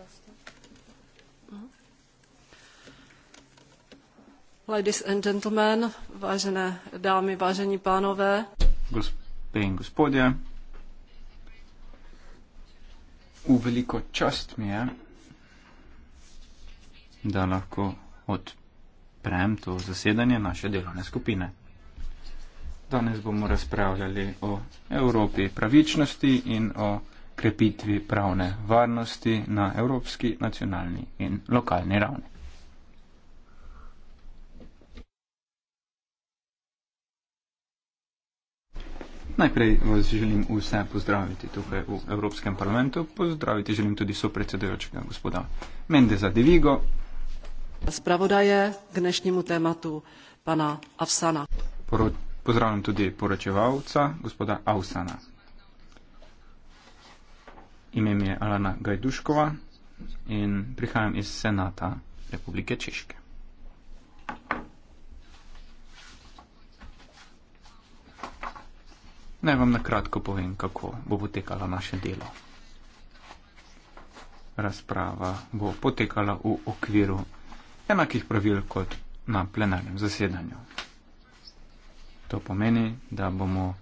prosto. Mhm. Ladies and gentlemen, vážené dámy, vážení pánové. Gospe in gospodje, v veliko čast mi je, da lahko odprem to zasedanje naše delovne skupine. Danes bomo razpravljali o Evropi pravičnosti in o krepitvi pravne varnosti na evropski, nacionalni in lokalni ravni. Najprej vas želim vse pozdraviti tukaj v Evropskem parlamentu, pozdraviti želim tudi sopredsedujočega gospoda Mendeza Devigo. Spravodaje k dnešnjemu tématu pana Avsana. Poro pozdravljam tudi poročevalca gospoda Avsana. Ime mi je Alana Gajduškova in prihajam iz Senata Republike Češke. Naj vam na kratko povem, kako bo potekalo naše delo. Razprava bo potekala v okviru enakih pravil kot na plenarnem zasedanju. To pomeni, da bomo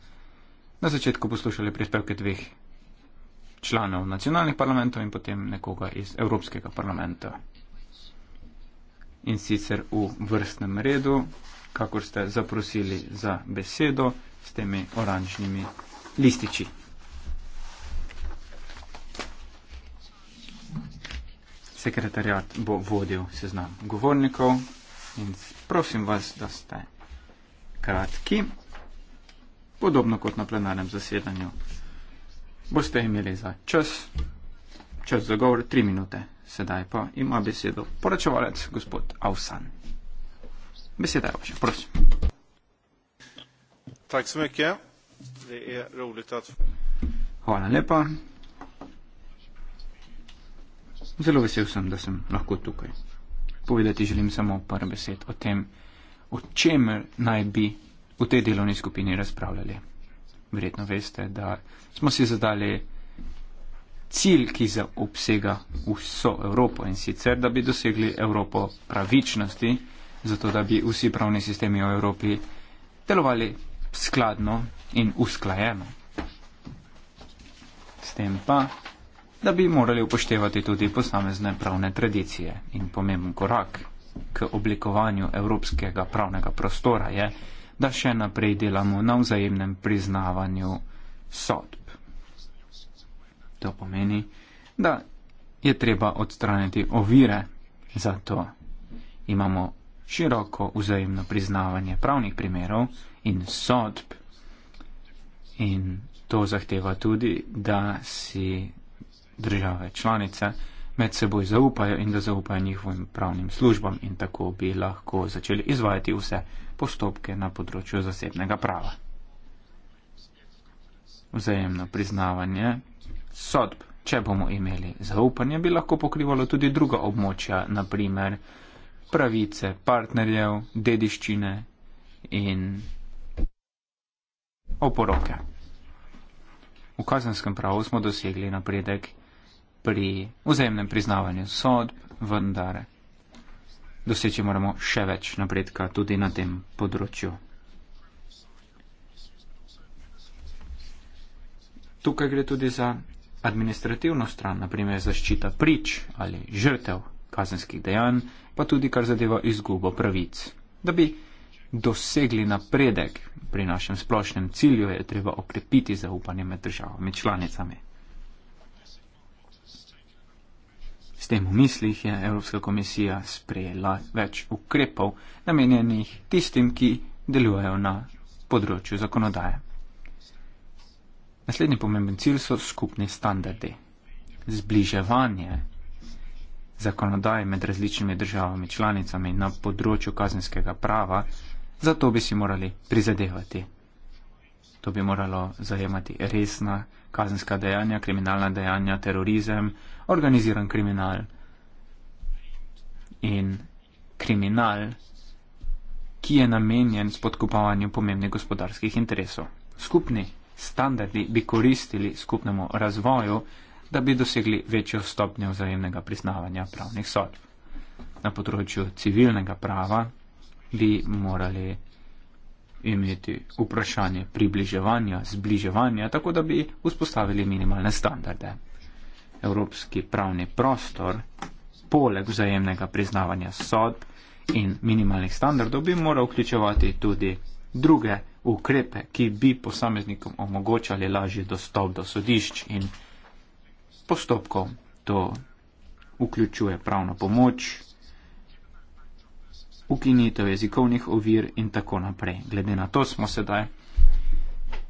na začetku poslušali prispevke dveh članov nacionalnih parlamentov in potem nekoga iz Evropskega parlamenta. In sicer v vrstnem redu, kakor ste zaprosili za besedo s temi oranžnimi lističi. Sekretarjat bo vodil seznam govornikov in prosim vas, da ste kratki, podobno kot na plenarnem zasedanju boste imeli za čas, čas za govor, tri minute. Sedaj pa ima besedo poročevalec gospod Avsan. Beseda je vaša, prosim. Tak sem je, da je roligt od. Ja. Hvala lepa. Zelo vesel sem, da sem lahko tukaj. Povedati želim samo par besed o tem, o čem naj bi v tej delovni skupini razpravljali verjetno veste, da smo si zadali cilj, ki zaobsega vso Evropo in sicer, da bi dosegli Evropo pravičnosti, zato da bi vsi pravni sistemi v Evropi delovali skladno in usklajeno. S tem pa, da bi morali upoštevati tudi posamezne pravne tradicije in pomemben korak k oblikovanju evropskega pravnega prostora je, da še naprej delamo na vzajemnem priznavanju sodb. To pomeni, da je treba odstraniti ovire za to. Imamo široko vzajemno priznavanje pravnih primerov in sodb in to zahteva tudi, da si države članice med seboj zaupajo in da zaupajo njihovim pravnim službam in tako bi lahko začeli izvajati vse postopke na področju zasebnega prava. Vzajemno priznavanje sodb. Če bomo imeli zaupanje, bi lahko pokrivalo tudi druga območja, naprimer pravice partnerjev, dediščine in oporoke. V kazenskem pravu smo dosegli napredek pri vzajemnem priznavanju sodb, vendar doseči moramo še več napredka tudi na tem področju. Tukaj gre tudi za administrativno stran, naprimer zaščita prič ali žrtev kazenskih dejanj, pa tudi kar zadeva izgubo pravic. Da bi dosegli napredek pri našem splošnem cilju, je treba okrepiti zaupanje med državami članicami. S tem v mislih je Evropska komisija sprejela več ukrepov, namenjenih tistim, ki delujejo na področju zakonodaje. Naslednji pomemben cilj so skupni standardi. Zbliževanje zakonodaje med različnimi državami članicami na področju kazenskega prava, za to bi si morali prizadevati. To bi moralo zajemati resna kazenska dejanja, kriminalna dejanja, terorizem, organiziran kriminal in kriminal, ki je namenjen spodkopavanju pomembnih gospodarskih interesov. Skupni standardi bi koristili skupnemu razvoju, da bi dosegli večjo stopnjo vzajemnega priznavanja pravnih sodb. Na področju civilnega prava bi morali imeti vprašanje približevanja, zbliževanja, tako da bi vzpostavili minimalne standarde. Evropski pravni prostor, poleg vzajemnega priznavanja sod in minimalnih standardov, bi moral vključevati tudi druge ukrepe, ki bi posameznikom omogočali lažji dostop do sodišč in postopkov. To vključuje pravno pomoč, ukinitev jezikovnih ovir in tako naprej. Glede na to smo sedaj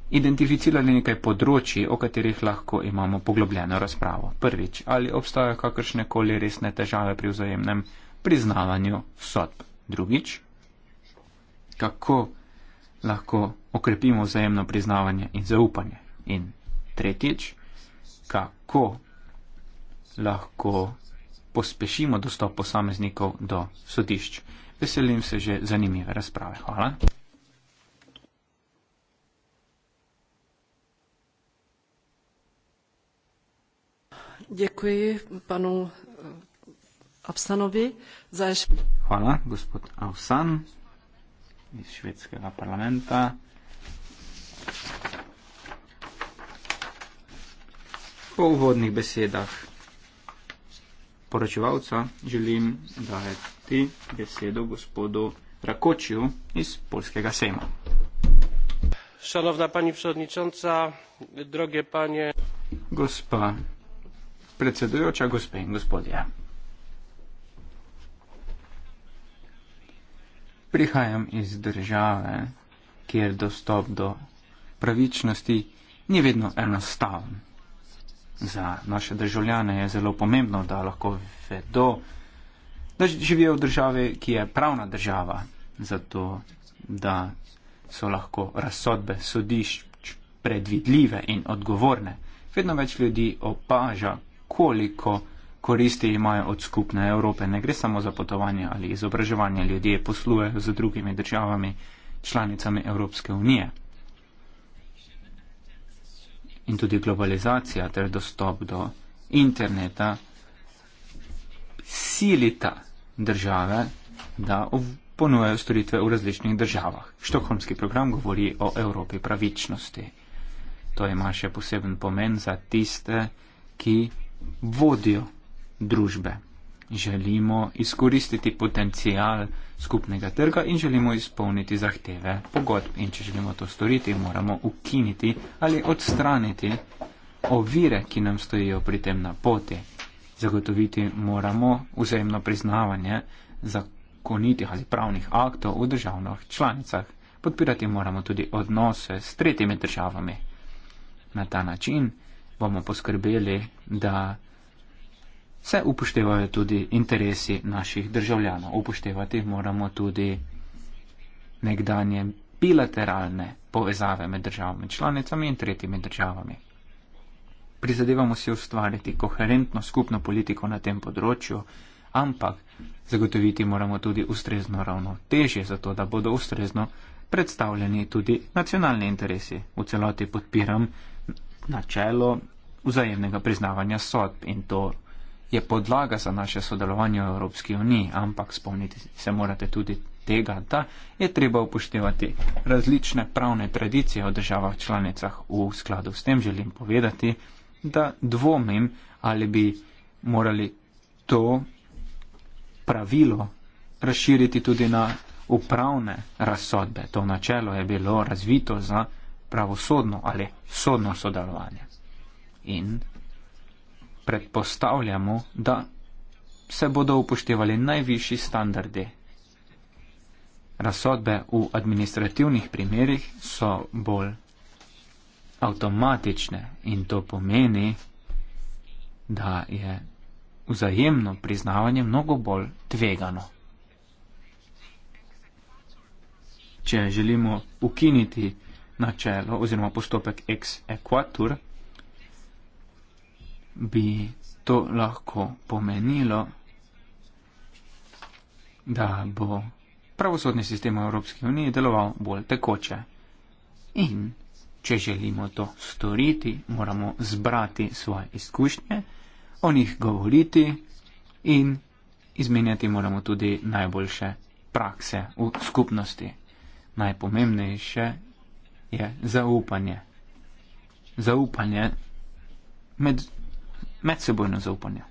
identificirali nekaj področji, o katerih lahko imamo poglobljeno razpravo. Prvič, ali obstajajo kakršne koli resne težave pri vzajemnem priznavanju sodb. Drugič, kako lahko okrepimo vzajemno priznavanje in zaupanje. In tretjič, kako lahko pospešimo dostop posameznikov do sodišč. Veselim se že zanimive razprave. Hvala. Děkuji panu eh, Absanovi za ješ... Hvala, gospod Avsan iz švedskega parlamenta. Po uvodnih besedah poročevalca želim, da je dati besedo gospodu Rakočiju iz Polskega sejma. Šanovna pani predsednica, droge panje. Gospa predsedujoča, gospe in gospodje. Prihajam iz države, kjer dostop do pravičnosti ni vedno enostaven. Za naše državljane je zelo pomembno, da lahko vedo, da živijo v državi, ki je pravna država, zato da so lahko razsodbe sodišč predvidljive in odgovorne. Vedno več ljudi opaža, koliko koristi imajo od skupne Evrope. Ne gre samo za potovanje ali izobraževanje, ljudje poslujejo z drugimi državami, članicami Evropske unije. In tudi globalizacija ter dostop do interneta silita države, da ponujajo storitve v različnih državah. Štokholmski program govori o Evropi pravičnosti. To ima še poseben pomen za tiste, ki vodijo družbe. Želimo izkoristiti potencial skupnega trga in želimo izpolniti zahteve pogodb. In če želimo to storiti, moramo ukiniti ali odstraniti ovire, ki nam stojijo pri tem na poti zagotoviti moramo vzajemno priznavanje zakonitih ali pravnih aktov v državnih članicah. Podpirati moramo tudi odnose s tretjimi državami. Na ta način bomo poskrbeli, da se upoštevajo tudi interesi naših državljanov. Upoštevati moramo tudi nekdanje bilateralne povezave med državami članicami in tretjimi državami prizadevamo si ustvariti koherentno skupno politiko na tem področju, ampak zagotoviti moramo tudi ustrezno ravnotežje, zato da bodo ustrezno predstavljeni tudi nacionalni interesi. V celoti podpiram načelo vzajemnega priznavanja sodb in to je podlaga za naše sodelovanje v Evropski uniji, ampak spomniti se morate tudi tega, da je treba upoštevati različne pravne tradicije v državah članicah. V skladu s tem želim povedati, da dvomim, ali bi morali to pravilo razširiti tudi na upravne razsodbe. To načelo je bilo razvito za pravosodno ali sodno sodelovanje. In predpostavljamo, da se bodo upoštevali najvišji standardi. Razsodbe v administrativnih primerjih so bolj avtomatične in to pomeni, da je vzajemno priznavanje mnogo bolj tvegano. Če želimo ukiniti načelo oziroma postopek ex equator, bi to lahko pomenilo, da bo pravosodni sistem v Evropski uniji deloval bolj tekoče in Če želimo to storiti, moramo zbrati svoje izkušnje, o njih govoriti in izmenjati moramo tudi najboljše prakse v skupnosti. Najpomembnejše je zaupanje. Zaupanje med, medsebojno zaupanje.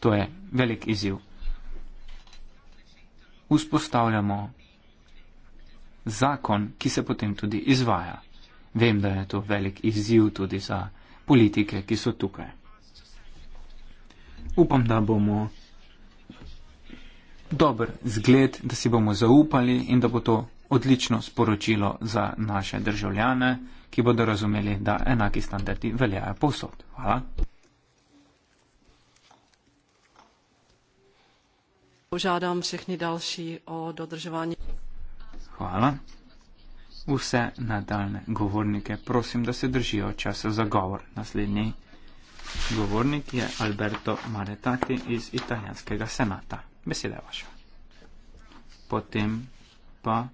To je velik izziv. Vzpostavljamo zakon, ki se potem tudi izvaja. Vem, da je to velik izziv tudi za politike, ki so tukaj. Upam, da bomo dober zgled, da si bomo zaupali in da bo to odlično sporočilo za naše državljane, ki bodo razumeli, da enaki standardi veljajo posod. Hvala. Požadam vseh ni daljši o dodrževanju. Hvala vse nadaljne govornike prosim, da se držijo časa za govor. Naslednji govornik je Alberto Maretati iz italijanskega senata. Beseda je vaša. Potem pa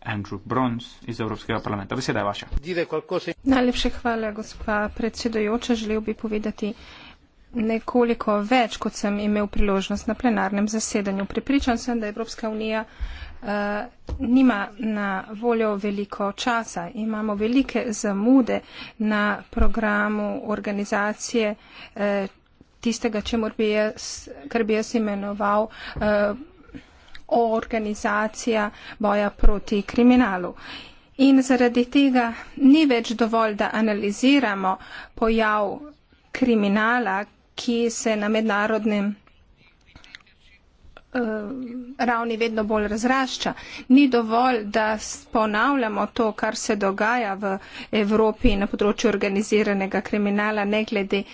Andrew Brons iz Evropskega parlamenta. Beseda je vaša. Najlepše hvala, gospa predsedojoča. Želel bi povedati nekoliko več, kot sem imel priložnost na plenarnem zasedanju. Pripričan sem, da Evropska unija uh, nima na voljo veliko časa. Imamo velike zamude na programu organizacije uh, tistega, bi jaz, kar bi jaz imenoval uh, organizacija boja proti kriminalu. In zaradi tega ni več dovolj, da analiziramo pojav kriminala, ki se na mednarodnem eh, ravni vedno bolj razrašča. Ni dovolj, da ponavljamo to, kar se dogaja v Evropi na področju organiziranega kriminala, ne glede eh,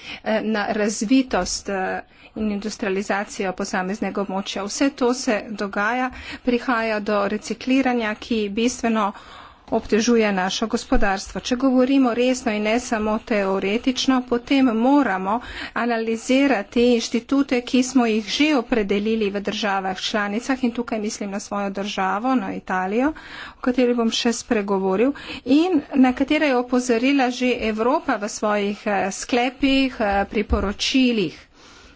na razvitost eh, in industrializacijo posameznega območja. Vse to se dogaja, prihaja do recikliranja, ki bistveno obtežuje naše gospodarstvo. Če govorimo resno in ne samo teoretično, potem moramo analizirati inštitute, ki smo jih že opredelili v državah članicah in tukaj mislim na svojo državo, na Italijo, o kateri bom še spregovoril in na katere je opozorila že Evropa v svojih eh, sklepih, eh, priporočilih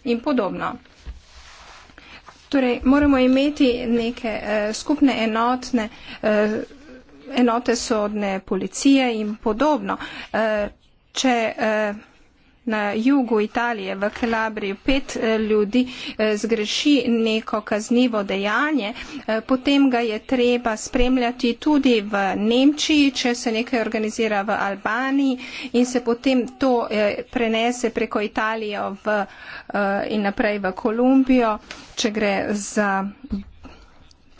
in podobno. Torej, moramo imeti neke eh, skupne enotne eh, enote sodne policije in podobno. E, če e, na jugu Italije v Kalabriji pet e, ljudi zgreši neko kaznivo dejanje, potem ga je treba spremljati tudi v Nemčiji, če se nekaj organizira v Albaniji in se potem to prenese preko Italijo v, in naprej v Kolumbijo, če gre za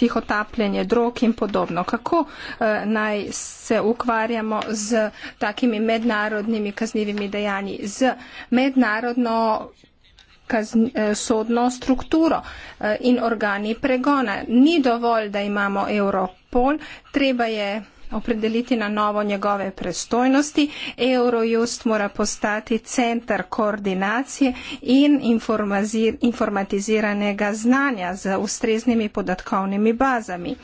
tiho tapljenje drog in podobno. Kako eh, naj se ukvarjamo z takimi mednarodnimi kaznivimi dejanji, z mednarodno kazn, eh, sodno strukturo eh, in organi pregona. Ni dovolj, da imamo Europol, treba je opredeliti na novo njegove prestojnosti. Eurojust mora postati centar koordinacije in informatiziranega znanja z ustreznimi podatkovnimi bazami.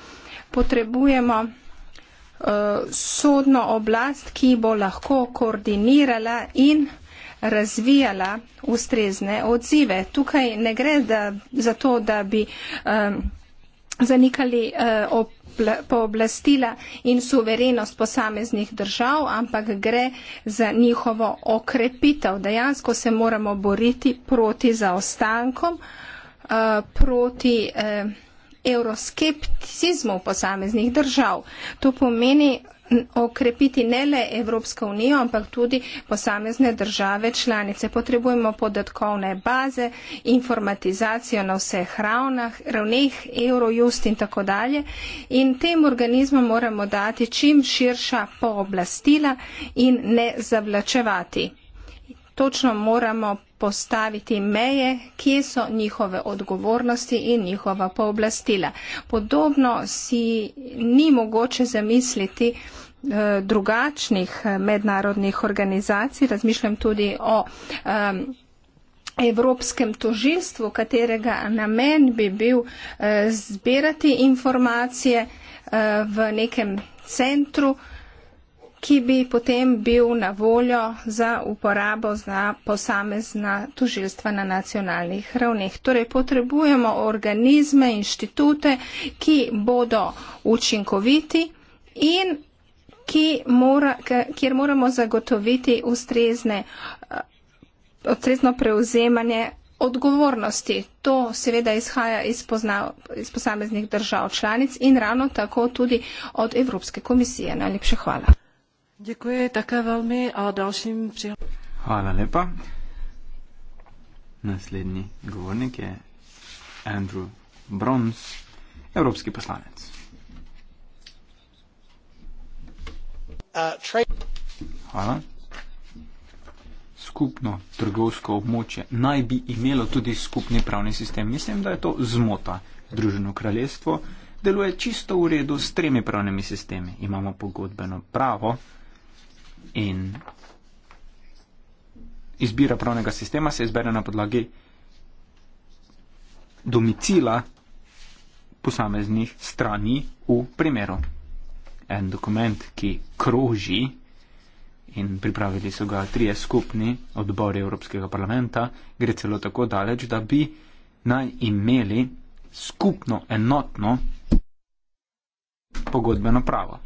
Potrebujemo eh, sodno oblast, ki bo lahko koordinirala in razvijala ustrezne odzive. Tukaj ne gre za to, da bi um, zanikali uh, eh, op, pooblastila in suverenost posameznih držav, ampak gre za njihovo okrepitev. Dejansko se moramo boriti proti zaostankom, eh, proti eh, evroskepticizmu posameznih držav. To pomeni, okrepiti ne le Evropsko unijo, ampak tudi posamezne države članice. Potrebujemo podatkovne baze, informatizacijo na vseh ravnah, ravneh Eurojust in tako dalje. In tem organizmom moramo dati čim širša pooblastila in ne zavlačevati točno moramo postaviti meje, kje so njihove odgovornosti in njihova pooblastila. Podobno si ni mogoče zamisliti eh, drugačnih eh, mednarodnih organizacij, razmišljam tudi o eh, Evropskem tožilstvu, katerega namen bi bil eh, zbirati informacije eh, v nekem centru, eh, ki bi potem bil na voljo za uporabo za posamezna tužilstva na nacionalnih ravneh. Torej, potrebujemo organizme, inštitute, ki bodo učinkoviti in ki mora, kjer moramo zagotoviti ustrezne, eh, ustrezno preuzemanje odgovornosti. To seveda izhaja iz, pozna, iz posameznih držav članic in ravno tako tudi od Evropske komisije. Najlepše hvala. Děkuji také velmi a dalším přihlášením. Hvala lepa. Naslednji govornik je Andrew Brons, evropski poslanec. Uh, Hvala. Skupno trgovsko območje naj bi imelo tudi skupni pravni sistem. Mislim, da je to zmota. Združeno kraljestvo deluje čisto v redu s tremi pravnimi sistemi. Imamo pogodbeno pravo, in izbira pravnega sistema se izbere na podlagi domicila posameznih strani v primeru. En dokument, ki kroži in pripravili so ga trije skupni odbori Evropskega parlamenta, gre celo tako daleč, da bi naj imeli skupno enotno pogodbeno pravo.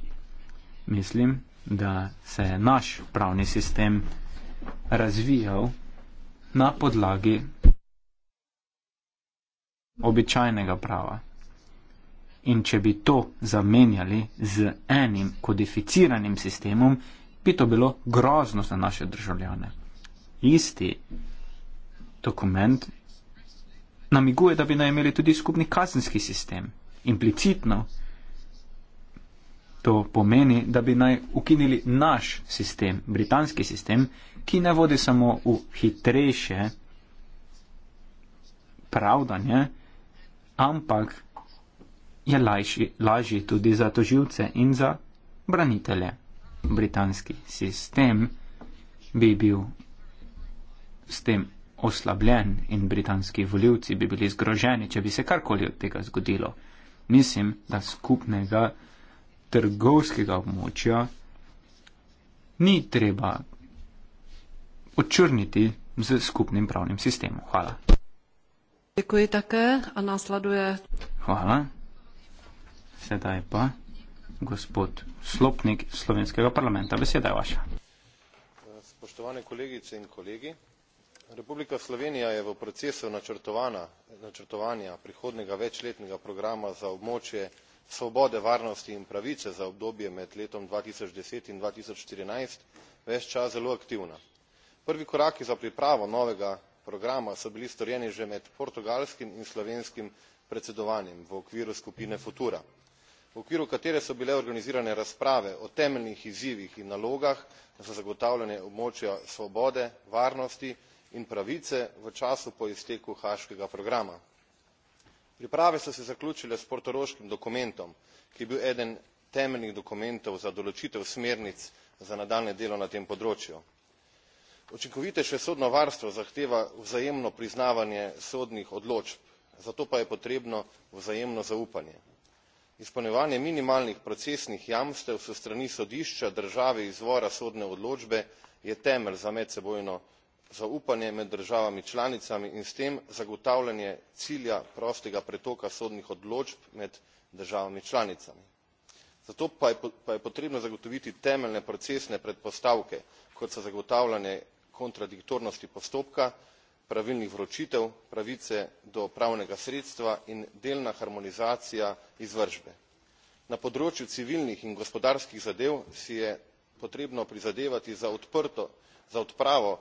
Mislim, da se je naš pravni sistem razvijal na podlagi običajnega prava. In če bi to zamenjali z enim kodificiranim sistemom, bi to bilo grozno za naše državljane. Isti dokument namiguje, da bi naj imeli tudi skupni kazenski sistem. Implicitno To pomeni, da bi naj ukinili naš sistem, britanski sistem, ki ne vodi samo v hitrejše pravdanje, ampak je lažji, lažji tudi za toživce in za branitelje. Britanski sistem bi bil s tem oslabljen in britanski voljivci bi bili zgroženi, če bi se karkoli od tega zgodilo. Mislim, da skupnega trgovskega območja, ni treba očrniti z skupnim pravnim sistemom. Hvala. Děkuji také a následuje. Hvala. Sedaj pa gospod Slopnik Slovenskega parlamenta. Beseda je vaša. Spoštovane kolegice in kolegi, Republika Slovenija je v procesu načrtovanja prihodnega večletnega programa za območje svobode varnosti in pravice za obdobje med letom dva tisoč deset in dva tisoč štirinajst ves čas zelo aktivna. prvi koraki za pripravo novega programa so bili storjeni že med portugalskim in slovenskim predsedovanjem v okviru skupine futura v okviru katere so bile organizirane razprave o temeljnih izzivih in nalogah za zagotavljanje območja svobode varnosti in pravice v času po izteku haaškega programa priprave so se zaključile s portoroškim dokumentom ki je bil eden temeljnih dokumentov za določitev smernic za nadaljnje delo na tem področju. učinkovitejše sodno varstvo zahteva vzajemno priznavanje sodnih odločb zato pa je potrebno vzajemno zaupanje. izpolnjevanje minimalnih procesnih jamstev s strani sodišča države izvora sodne odločbe je temelj za medsebojno zaupanje med državami članicami in s tem zagotavljanje cilja prostega pretoka sodnih odločb med državami članicami zato pa je potrebno zagotoviti temeljne procesne predpostavke kot so zagotavljanje kontradiktornosti postopka pravilnih vročitev pravice do pravnega sredstva in delna harmonizacija izvršbe. na področju civilnih in gospodarskih zadev si je potrebno prizadevati za odprto za odpravo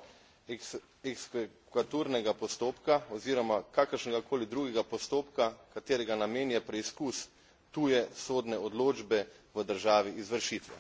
eksekvaturnega postopka oziroma kakršnegakoli drugega postopka katerega namen je preizkus tuje sodne odločbe v državi izvršitve.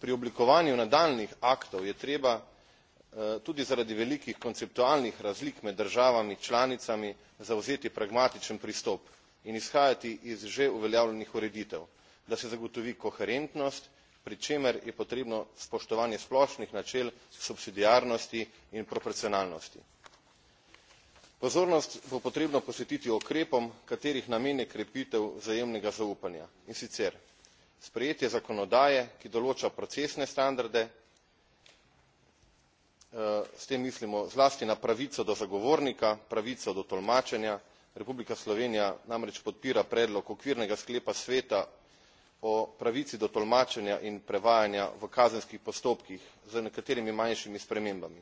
pri oblikovanju nadaljnjih aktov je treba eh, tudi zaradi velikih konceptualnih razlik med državami članicami zavzeti pragmatičen pristop in izhajati iz že uveljavljenih ureditev da se zagotovi koherentnost pri čemer je potrebno spoštovanje splošnih načel subsidiarnosti in proporcionalnosti. pozornost bo potrebno posvetiti ukrepom katerih namen je krepitev vzajemnega zaupanja in sicer sprejetje zakonodaje ki določa procesne standarde eh, s tem mislimo zlasti na pravico do zagovornika pravico do tolmačenja republika slovenija namreč podpira predlog okvirnega sklepa sveta o pravici do tolmačenja in prevajanja v kazenskih postopkih z nekaterimi manjšimi spremembami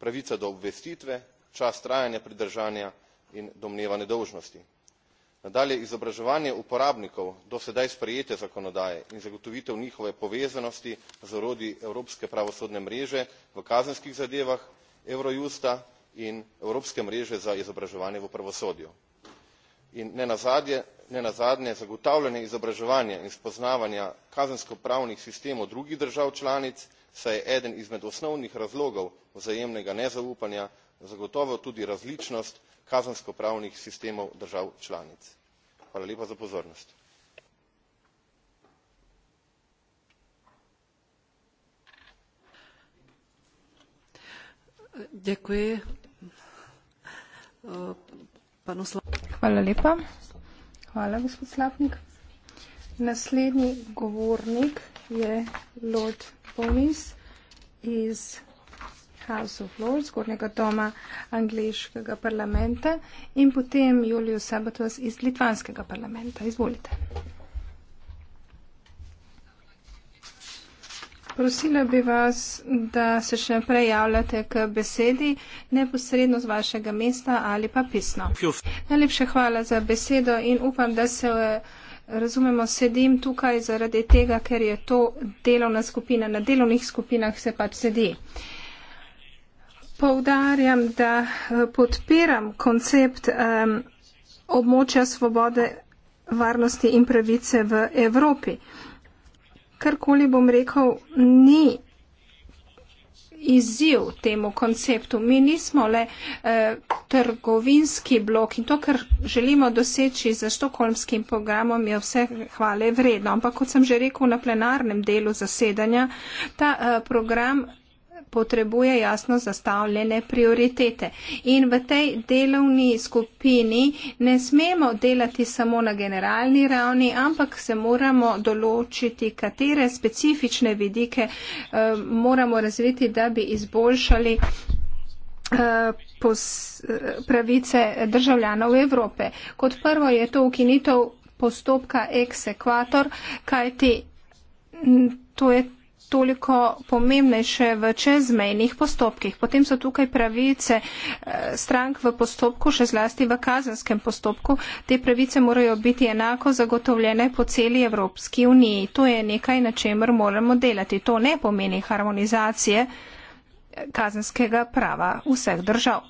pravica do obvestitve čas trajanja pridržanja in domneva nedolžnosti nadalje izobraževanje uporabnikov do sedaj sprejete zakonodaje in zagotovitev njihove povezanosti z orodji evropske pravosodne mreže v kazenskih zadevah eurojusta in evropske mreže za izobraževanje v pravosodju in nenazadnje zagotavljanje izobraževanja in spoznavanja kazensko pravnih sistemov drugih držav članic saj je eden izmed osnovnih razlogov vzajemnega nezaupanja zagotovo tudi različnost kazensko pravnih sistemov držav članic. Hvala lepa. Hvala, gospod Slapnik. Naslednji govornik je Lord Bonis iz House of Lords, zgornjega doma angliškega parlamenta in potem Julius Sabatos iz litvanskega parlamenta. Izvolite. Prosila bi vas, da se še naprej javljate k besedi neposredno z vašega mesta ali pa pisno. Najlepše hvala za besedo in upam, da se eh, razumemo, sedim tukaj zaradi tega, ker je to delovna skupina. Na delovnih skupinah se pač sedi. Povdarjam, da eh, podpiram koncept um, območja svobode, varnosti in pravice v Evropi karkoli bom rekel, ni izziv temu konceptu. Mi nismo le eh, trgovinski blok in to, kar želimo doseči za štokolmskim programom, je vse hvale vredno. Ampak, kot sem že rekel na plenarnem delu zasedanja, ta eh, program potrebuje jasno zastavljene prioritete. In v tej delovni skupini ne smemo delati samo na generalni ravni, ampak se moramo določiti, katere specifične vidike eh, moramo razviti, da bi izboljšali eh, eh, pravice državljanov Evrope. Kot prvo je to ukinitev postopka ex-equator, kajti to je toliko pomembnejše v čezmejnih postopkih. Potem so tukaj pravice eh, strank v postopku, še zlasti v kazenskem postopku. Te pravice morajo biti enako zagotovljene po celi Evropski uniji. To je nekaj, na čemer moramo delati. To ne pomeni harmonizacije kazenskega prava vseh držav.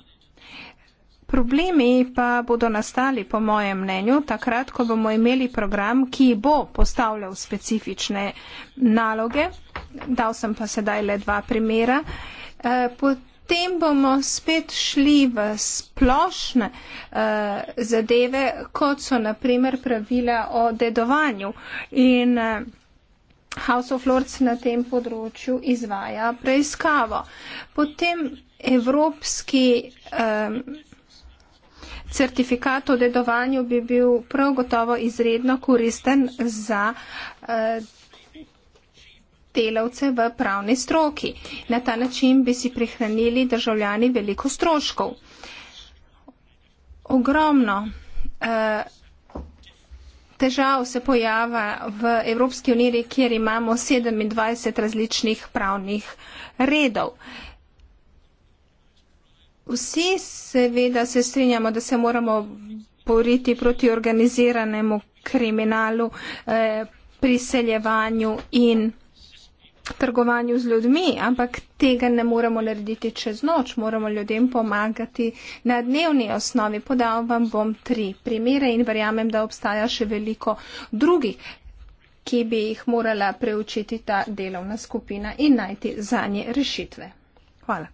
Problemi pa bodo nastali, po mojem mnenju, takrat, ko bomo imeli program, ki bo postavljal specifične naloge. Dal sem pa sedaj le dva primera. Eh, potem bomo spet šli v splošne eh, zadeve, kot so naprimer pravila o dedovanju. In eh, House of Lords na tem področju izvaja preiskavo. Potem evropski. Um, certifikat o dedovanju bi bil prav gotovo izredno koristen za eh, delavce v pravni stroki. Na ta način bi si prihranili državljani veliko stroškov. Ogromno eh, težav se pojava v Evropski uniji, kjer imamo 27 različnih pravnih redov. Vsi seveda se strinjamo, da se moramo boriti proti organiziranemu kriminalu, eh, priseljevanju in trgovanju z ljudmi, ampak tega ne moremo narediti čez noč, moramo ljudem pomagati na dnevni osnovi. Podal vam bom tri primere in verjamem, da obstaja še veliko drugih, ki bi jih morala preučiti ta delovna skupina in najti zanje rešitve. Hvala.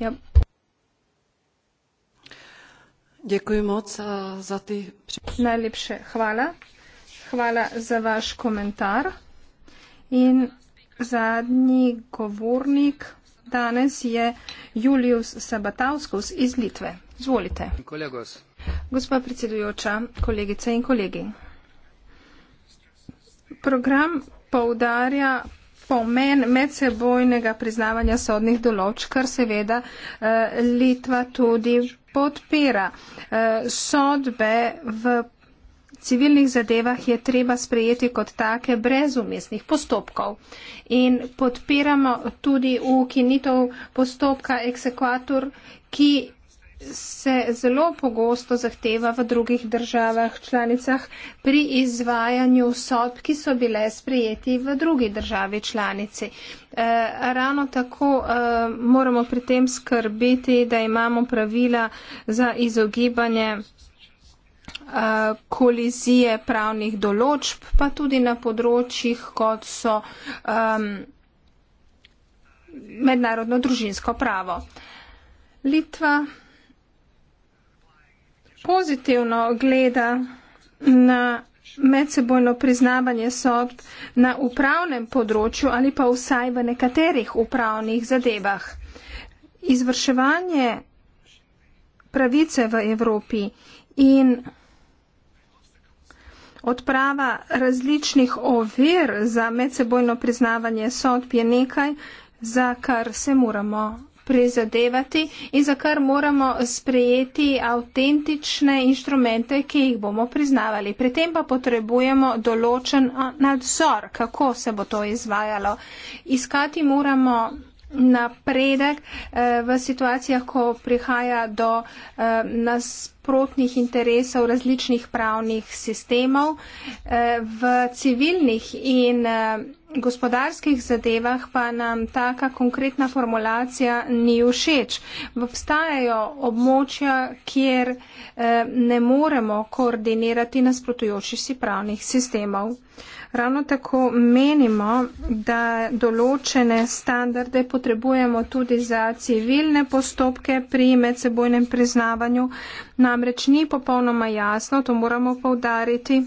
Yep. Ja, Děkuji moc za ty Najlepše hvala. Hvala za vaš komentar. In zadnji govornik danes je Julius Sabatauskus iz Litve. Zvolite. Kolegos. Gospa predsedujoča, kolegice in kolegi. Program poudarja pomen medsebojnega priznavanja sodnih določb, kar seveda eh, Litva tudi podpira. Eh, sodbe v civilnih zadevah je treba sprejeti kot take brez umestnih postopkov. In podpiramo tudi ukinitev postopka eksekvator, ki se zelo pogosto zahteva v drugih državah članicah pri izvajanju sodb, ki so bile sprejeti v drugi državi članici. E, ravno tako e, moramo pri tem skrbeti, da imamo pravila za izogibanje e, kolizije pravnih določb, pa tudi na področjih, kot so e, mednarodno družinsko pravo. Litva pozitivno gleda na medsebojno priznavanje sodb na upravnem področju ali pa vsaj v nekaterih upravnih zadevah. Izvrševanje pravice v Evropi in odprava različnih ovir za medsebojno priznavanje sodb je nekaj, za kar se moramo prizadevati in za kar moramo sprejeti avtentične inštrumente, ki jih bomo priznavali. Pri tem pa potrebujemo določen nadzor, kako se bo to izvajalo. Iskati moramo napredek eh, v situacijah, ko prihaja do eh, nasprotnih interesov različnih pravnih sistemov. Eh, v civilnih in gospodarskih zadevah pa nam taka konkretna formulacija ni všeč. Obstajajo območja, kjer ne moremo koordinirati nasprotujoči si pravnih sistemov. Ravno tako menimo, da določene standarde potrebujemo tudi za civilne postopke pri medsebojnem priznavanju. Namreč ni popolnoma jasno, to moramo povdariti,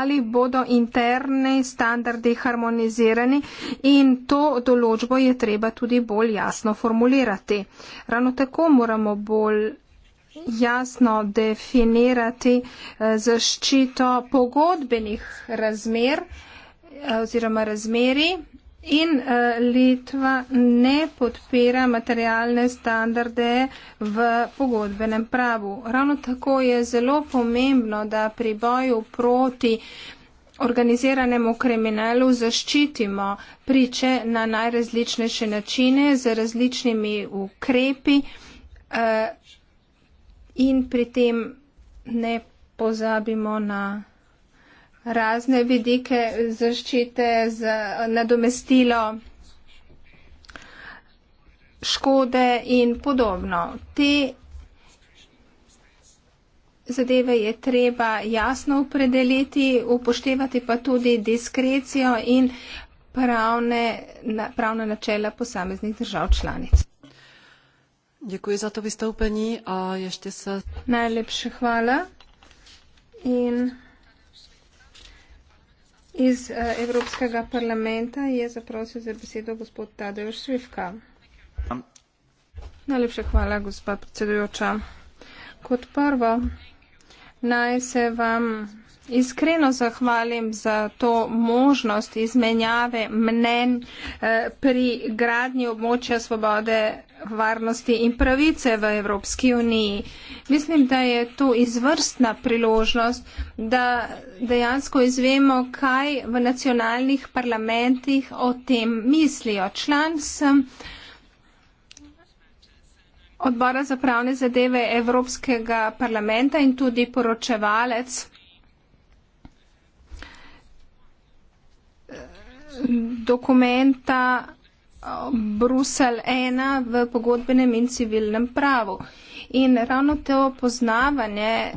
ali bodo interni standardi harmonizirani in to določbo je treba tudi bolj jasno formulirati. Ravno tako moramo bolj jasno definirati eh, zaščito pogodbenih razmer eh, oziroma razmeri in eh, Litva ne podpira materialne standarde v pogodbenem pravu. Ravno tako je zelo pomembno, da pri boju proti organiziranemu kriminalu zaščitimo priče na najrazličnejše načine z različnimi ukrepi in pri tem ne pozabimo na razne vidike zaščite z nadomestilo škode in podobno. Te zadeve je treba jasno opredeliti, upoštevati pa tudi diskrecijo in pravne, pravne načela posameznih držav članic. Děkuji za to vystoupení a ještě se... Najlepše hvala. In iz eh, Evropskega parlamenta je zaprosil za besedo gospod Tadeo Švivka. Najlepše hvala, gospod predsedujoča. Kot prvo, naj se vam Iskreno zahvalim za to možnost izmenjave mnen eh, pri gradnji območja svobode varnosti in pravice v Evropski uniji. Mislim, da je to izvrstna priložnost, da dejansko izvemo, kaj v nacionalnih parlamentih o tem mislijo. Član sem odbora za pravne zadeve Evropskega parlamenta in tudi poročevalec dokumenta eh, Brusel 1 v pogodbenem in civilnem pravu. In ravno to poznavanje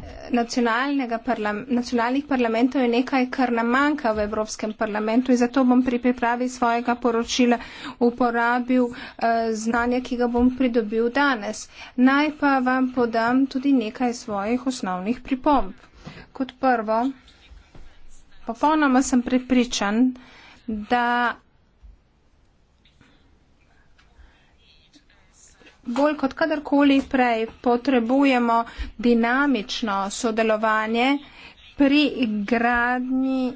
parlam nacionalnih parlamentov je nekaj, kar nam manjka v Evropskem parlamentu in zato bom pri pripravi svojega poročila uporabil eh, znanje, ki ga bom pridobil danes. Naj pa vam podam tudi nekaj svojih osnovnih pripomb. Kot prvo, popolnoma sem pripričan, da bolj kot kadarkoli prej potrebujemo dinamično sodelovanje pri gradnji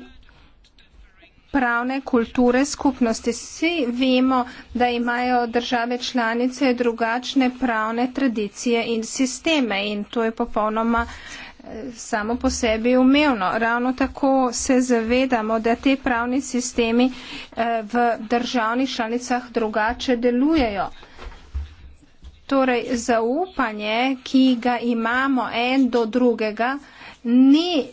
pravne kulture skupnosti. Vsi vemo, da imajo države članice drugačne pravne tradicije in sisteme in to je popolnoma uh, samo po sebi umevno. Ravno tako se zavedamo, da te pravni sistemi eh, v državnih članicah drugače delujejo. Torej, zaupanje, ki ga imamo en do drugega, ni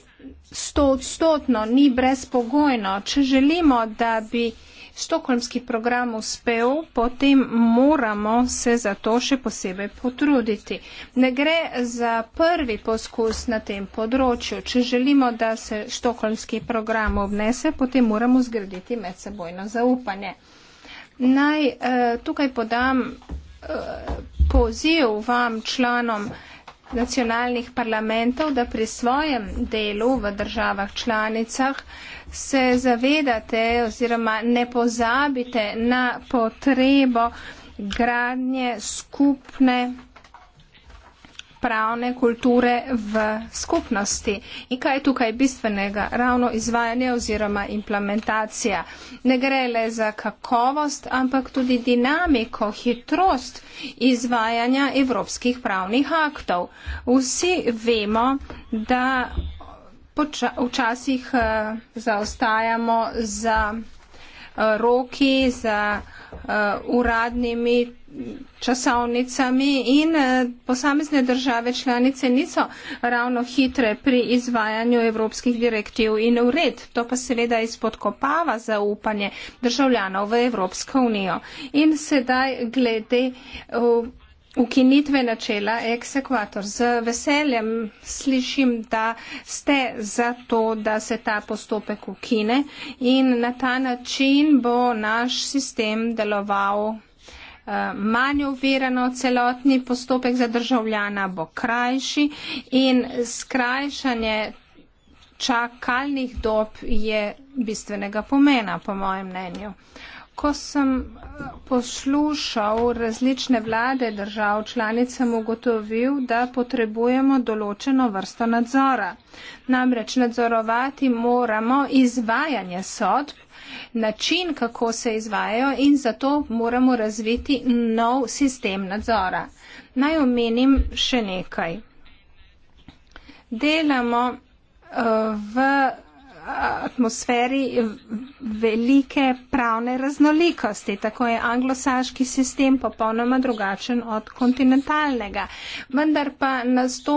stotno, ni brezpogojno. Če želimo, da bi štokholmski program uspel, potem moramo se za to še posebej potruditi. Ne gre za prvi poskus na tem področju. Če želimo, da se štokholmski program obnese, potem moramo zgraditi medsebojno zaupanje. Naj eh, tukaj podam eh, poziv vam, članom nacionalnih parlamentov, da pri svojem delu v državah članicah eh, se zavedate oziroma ne pozabite na potrebo gradnje skupne pravne kulture v skupnosti. In kaj je tukaj bistvenega? Ravno izvajanje oziroma implementacija. Ne gre le za kakovost, ampak tudi dinamiko, hitrost izvajanja evropskih pravnih aktov. Vsi vemo, da včasih eh, zaostajamo za eh, roki, za eh, uradnimi časovnicami in posamezne države članice niso ravno hitre pri izvajanju evropskih direktiv in ured. To pa seveda izpodkopava zaupanje državljanov v Evropsko unijo. In sedaj glede ukinitve načela eksekvator. Z veseljem slišim, da ste za to, da se ta postopek ukine in na ta način bo naš sistem deloval eh, manj uvirano, celotni postopek za državljana bo krajši in skrajšanje čakalnih dob je bistvenega pomena, po mojem mnenju. Uh, Ko sem eh, poslušal različne vlade držav članic, sem ugotovil, da potrebujemo določeno vrsto nadzora. Namreč nadzorovati moramo izvajanje sodb, način, kako se izvajajo in zato moramo razviti nov sistem nadzora. Naj omenim še nekaj. Delamo uh, v atmosferi velike pravne raznolikosti. Tako je anglosaški sistem popolnoma drugačen od kontinentalnega. Vendar pa nas to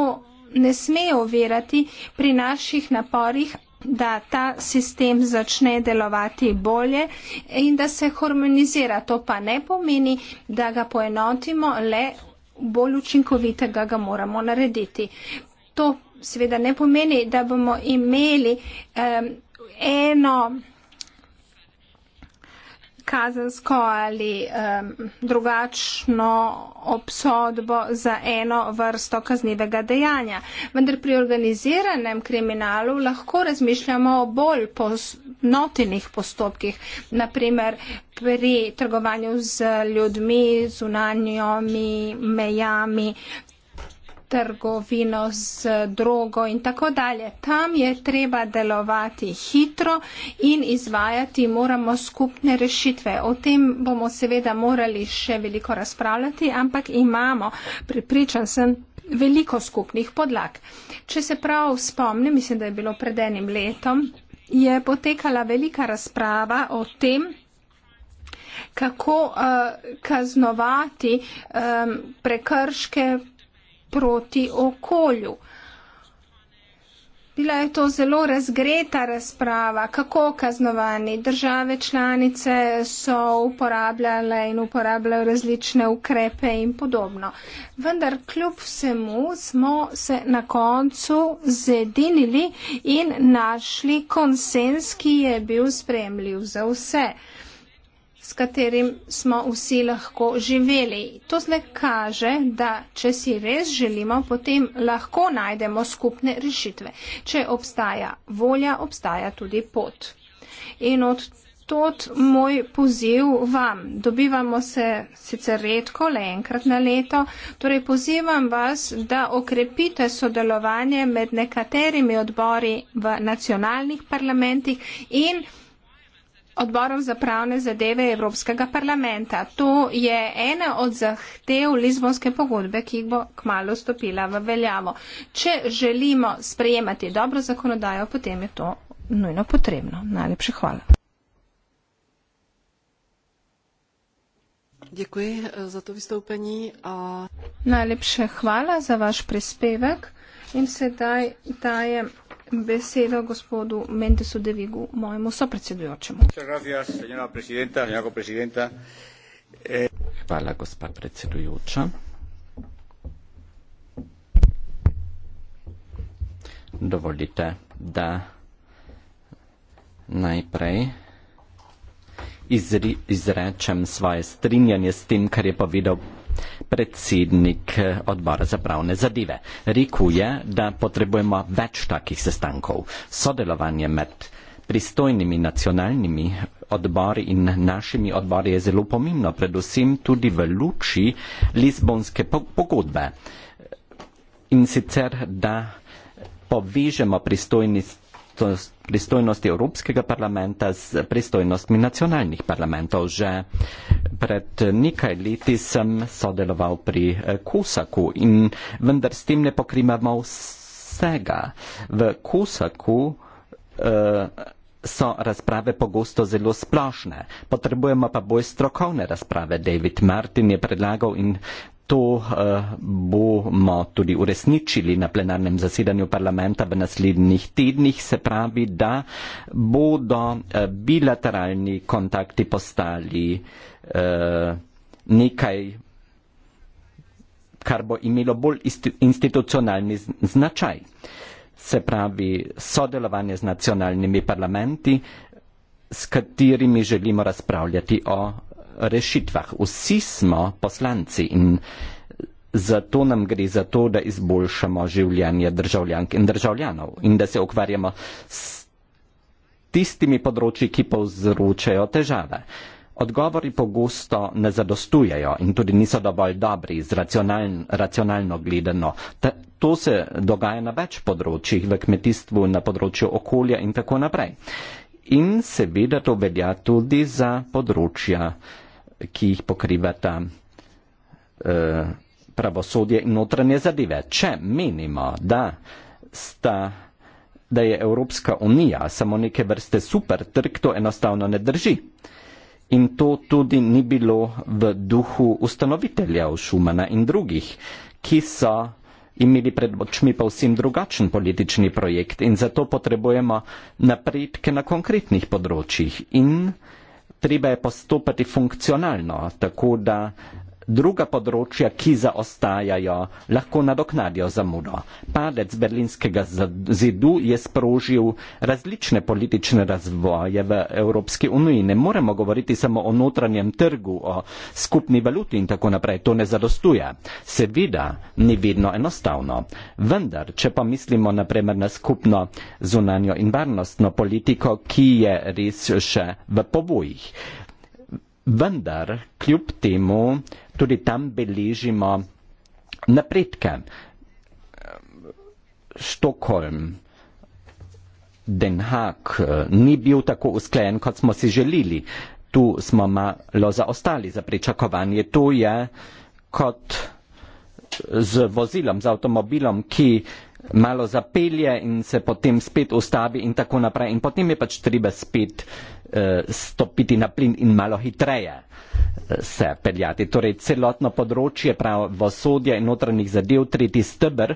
ne sme ovirati pri naših naporih da ta sistem začne delovati bolje in da se harmonizira. To pa ne pomeni, da ga poenotimo, le bolj učinkovitega ga moramo narediti. To seveda ne pomeni, da bomo imeli um, eno kazensko ali um, drugačno obsodbo za eno vrsto kaznivega dejanja. Vendar pri organiziranem kriminalu lahko razmišljamo o bolj posnotenih postopkih, naprimer pri trgovanju z ljudmi, zunanjami, mejami, trgovino z drogo in tako dalje. Tam je treba delovati hitro in izvajati moramo skupne rešitve. O tem bomo seveda morali še veliko razpravljati, ampak imamo, pripričan sem, veliko skupnih podlag. Če se prav spomnim, mislim, da je bilo pred enim letom, je potekala velika razprava o tem, kako uh, kaznovati um, prekrške proti okolju. Bila je to zelo razgreta razprava, kako kaznovani države članice so uporabljale in uporabljajo različne ukrepe in podobno. Vendar kljub vsemu smo se na koncu zedinili in našli konsens, ki je bil spremljiv za vse s katerim smo vsi lahko živeli. To zdaj kaže, da če si res želimo, potem lahko najdemo skupne rešitve. Če obstaja volja, obstaja tudi pot. In od tot moj poziv vam. Dobivamo se sicer redko, le enkrat na leto. Torej pozivam vas, da okrepite sodelovanje med nekaterimi odbori v nacionalnih parlamentih in odborom za pravne zadeve Evropskega parlamenta. To je ena od zahtev Lizbonske pogodbe, ki bo kmalo stopila v veljavo. Če želimo sprejemati dobro zakonodajo, potem je to nujno potrebno. Najlepše hvala. Děkuji eh, za to vystoupení. A... Najlepše hvala za vaš prispevek. In sedaj dajem besedo gospodu Mendesu de Vigu, mojemu sopredsedujočemu. Eh, Hvala, gospa predsedujoča. Dovolite, da najprej izrečem svoje strinjanje s tem, kar je povedal predsednik eh, odbora za pravne zadeve. Rikuje, da potrebujemo več takih sestankov. Sodelovanje med pristojnimi nacionalnimi odbori in našimi odbori je zelo pomembno, predvsem tudi v luči Lizbonske pogodbe. In sicer, da povežemo pristojnosti pristojnosti Evropskega parlamenta z pristojnostmi nacionalnih parlamentov. Že pred nekaj leti sem sodeloval pri eh, Kosaku in vendar s tem ne pokrivamo vsega. V Kosaku eh, so razprave pogosto zelo splošne. Potrebujemo pa bolj strokovne razprave. David Martin je predlagal in to eh, bomo tudi uresničili na plenarnem zasedanju parlamenta v naslednjih tednih, se pravi, da bodo eh, bilateralni kontakti postali eh, nekaj, kar bo imelo bolj institucionalni značaj. Se pravi, sodelovanje z nacionalnimi parlamenti, s katerimi želimo razpravljati o rešitvah. Vsi smo poslanci in zato nam gre za to, da izboljšamo življenje državljank in državljanov in da se ukvarjamo s tistimi področji, ki povzročajo težave. Odgovori pogosto ne zadostujejo in tudi niso dovolj dobri, racionaln, racionalno gledano. Ta, to se dogaja na več področjih, v kmetijstvu, na področju okolja in tako naprej. In seveda to velja tudi za področja uh, ki jih pokrivata eh, pravosodje in notranje zadeve. Če menimo, da, sta, da je Evropska unija samo neke vrste super trg, to enostavno ne drži. In to tudi ni bilo v duhu ustanoviteljev Šumana in drugih, ki so imeli pred očmi povsem drugačen politični projekt in zato potrebujemo napredke na konkretnih področjih. In treba je postopati funkcionalno, tako da druga področja, ki zaostajajo, lahko nadoknadijo zamudo. Padec berlinskega zidu je sprožil različne politične razvoje v Evropski uniji. Ne moremo govoriti samo o notranjem trgu, o skupni valuti in tako naprej. To ne zadostuje. Seveda ni vedno enostavno. Vendar, če pa mislimo naprimer na skupno zunanjo in varnostno politiko, ki je res še v pobojih. Vendar, kljub temu, tudi tam beležimo napredke. Stokholm, Den Haag ni bil tako usklajen, kot smo si želeli. Tu smo malo zaostali za pričakovanje. To je kot z vozilom, z avtomobilom, ki malo zapelje in se potem spet ustavi in tako naprej. In potem je pač treba spet uh, Eh, stopiti na plin in malo hitreje eh, se peljati. Torej celotno področje pravosodja in notranjih zadev, tretji stebr,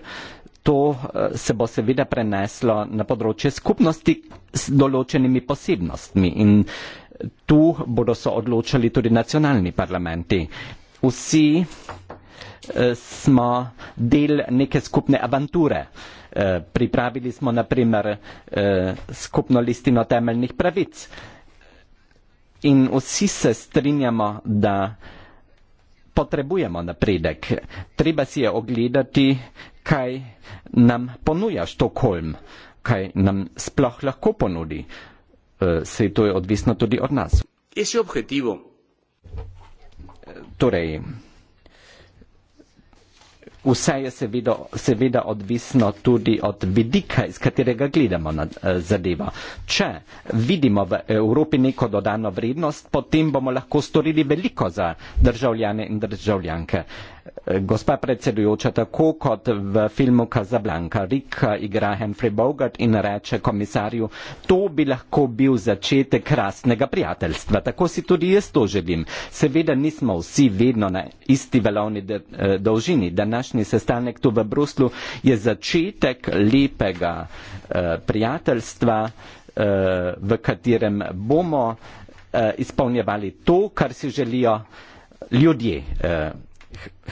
to eh, se bo seveda preneslo na področje skupnosti s določenimi posebnostmi in tu bodo se odločali tudi nacionalni parlamenti. Vsi smo del neke skupne avanture. Pripravili smo naprimer skupno listino temeljnih pravic in vsi se strinjamo, da potrebujemo napredek. Treba si je ogledati, kaj nam ponuja Štokholm, kaj nam sploh lahko ponudi. Eh, se to je odvisno tudi od nas. Torej, vse je seveda, seveda odvisno tudi od vidika, iz katerega gledamo na eh, zadevo. Če vidimo v Evropi neko dodano vrednost, potem bomo lahko storili veliko za državljane in državljanke gospa predsedujoča, tako kot v filmu Kazablanka. Rik uh, igra Henry Bogart in reče komisarju, to bi lahko bil začetek krasnega prijateljstva. Tako si tudi jaz to želim. Seveda nismo vsi vedno na isti valovni eh, dolžini. Današnji sestanek tu v Bruslu je začetek lepega eh, prijateljstva, eh, v katerem bomo izpolnjevali to, kar si želijo ljudje.